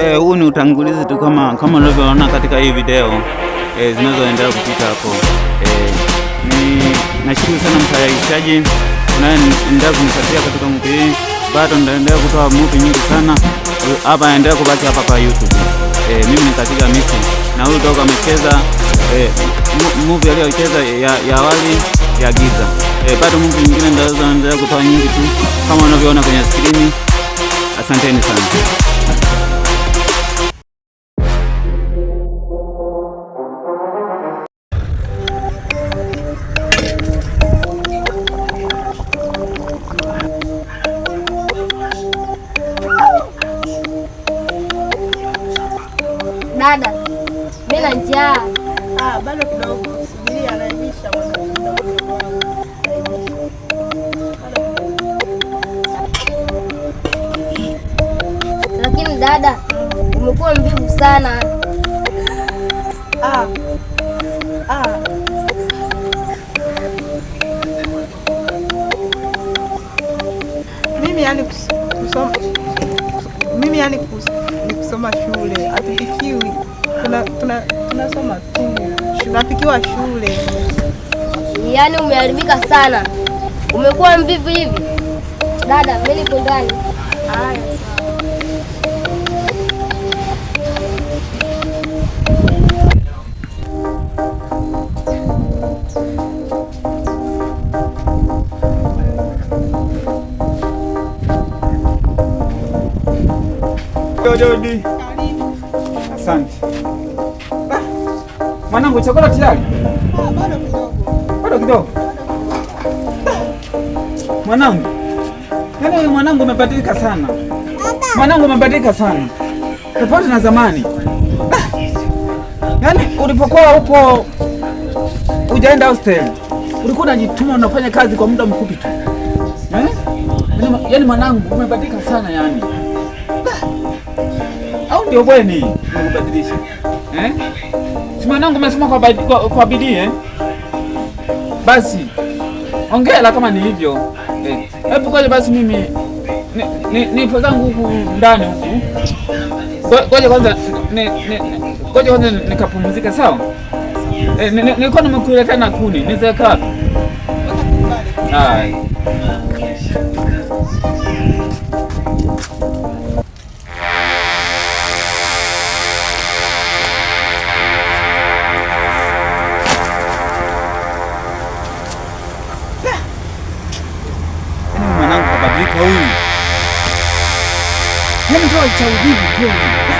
Eh, eh, huu ni utangulizi tu kama kama unavyoona katika hii video eh, zinazoendelea kupita hapo eh, ni nashukuru sana mtayarishaji unayeendelea kunipatia katika muvi hii. Bado ndaendelea kutoa muvi nyingi sana hapa, endelea kubaki hapa kwa YouTube. Eh, mimi ni katika miti na huyu toka amecheza eh, muvi aliyocheza ya, ya awali ya giza eh, bado muvi nyingine ndaendelea kutoa nyingi tu kama unavyoona kwenye skrini. Asanteni sana. Dada, mimi na njaa. Ah, bado kidogo. Subiria anaimisha mwanangu. Lakini dada, umekuwa mvivu sana. Ah. Ah. Mimi yani kusoma. Mimi yani kusoma shule. Atupikiwe tunasoma tu tunapikiwa shule. Yaani umeharibika sana, umekuwa mvivu hivi. Dada, mimi niko ndani. Haya. mwanangu, chakula tayari? Bado kidogo, Mwanangu, yaani mwanangu umebadilika sana, mwanangu umebadilika sana, tofauti na zamani. Yaani ulipokuwa huko ujaenda hostel ulikuwa unajituma unafanya kazi kwa muda mfupi tu eh? yaani, yaani mwanangu umebadilika sana yani, au ndio bweni umebadilisha eh? Si mwanangu umesoma kwa, kwa, kwa bidii eh? Basi ongela kama hivyo eh. Hebu ngoja basi mimi nipo zangu huku ndani huku, ngoja kwanza ngoja kwanza nikapumzika sawa. Eh, nilikuwa nimekuletea na kuni nizeeka wapi? 万年枯，很少遭兵凶。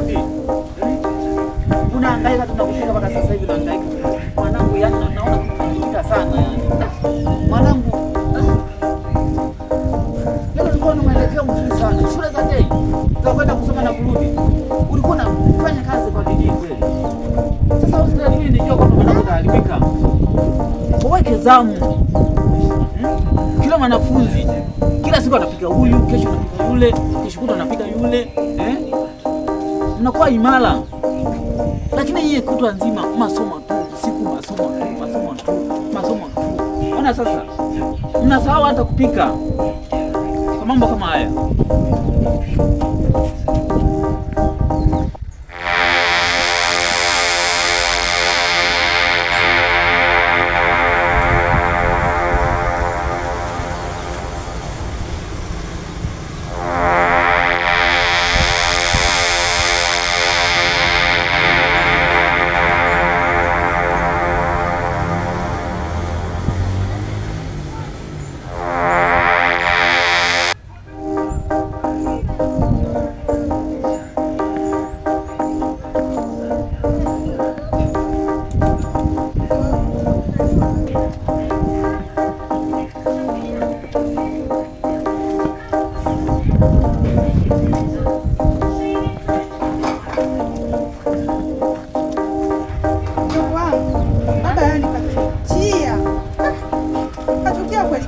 hela tunakushika mpaka sasa hivi nahangaika. Mwanangu, yani naona kuita sana yani. Mwanangu, leo ulikuwa hmm? Kila mwanafunzi kila siku anapiga huyu, kesho anapiga yule, kesho kutwa anapiga yule, eh? Mnakuwa imara lakini hii kutwa nzima masomo tu, siku masomo tu, masomo tu, masomo tu. Ona sasa mnasahau hata kupika kwa mambo kama haya.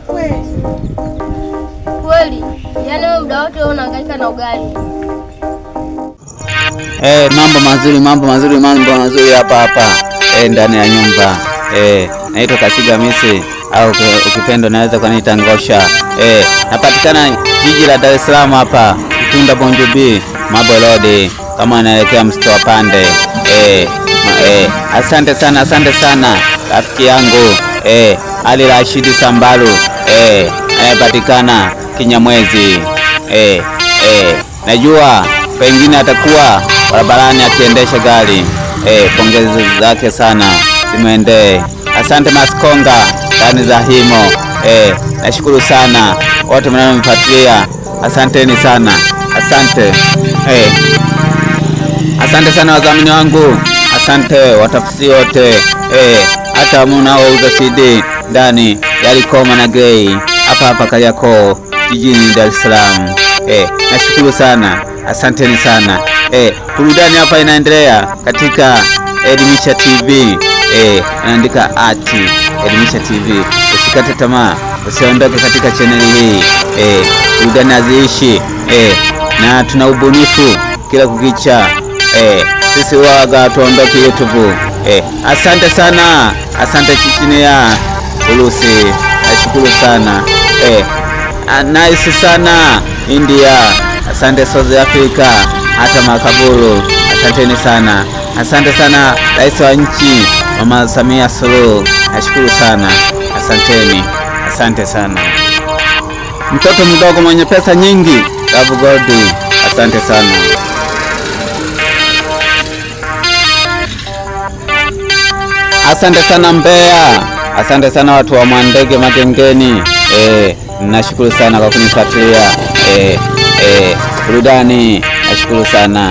kweli kweli, yaani wewe muda wote unahangaika na ugali. Hey, eh, mambo mazuri, mambo mazuri, mambo mazuri hapa hapa hey, eh, ndani ya nyumba hey, eh, naitwa Kasiga Misi au ukipenda naweza kuniita Ngosha hey, napatikana jiji la Dar es Salaam hapa Tunda Bonjo B Mabo Road kama msitu wa pande hey, hey, asante sana, asante sana rafiki yangu hey, Ali Rashidi Sambalu eh, anayepatikana Kinyamwezi eh, eh. Najua pengine atakuwa barabarani akiendesha gari eh, pongezi zake sana simwendee. Asante Maskonga ndani za himo eh, nashukuru sana wote mnanifuatilia, asanteni sana, asante eh. Asante sana wadhamini wangu, asante watafsiri wote eh, hata mnaouza CD ndani Yalikoma na gay hapa hapa Kariakoo jijini Dar es Salaam. Eh, nashukuru sana, asanteni sana. Eh, burudani hapa inaendelea katika Edmisha TV. Eh, naandika ati Edmisha TV. Usikate tamaa, usiondoke katika chaneli hii. Eh, burudani haziishi. Eh, na tuna ubunifu kila kukicha. Eh, sisi waga tuondoke YouTube. Eh, asante sana, asante chichini ya Urusi. Nashukuru sana eh, ah, nice sana India, asante South Africa, hata makaburu, asanteni sana, asante sana rais wa nchi Mama Samia Suluhu, nashukuru sana, asanteni, asante sana. Mtoto mdogo mwenye pesa nyingi, love God, asante sana. Asante sana Mbeya. Asante sana watu wa Mwandege Magengeni, eh, nashukuru sana kwa kunifuatilia eh, eh, burudani. Nashukuru sana.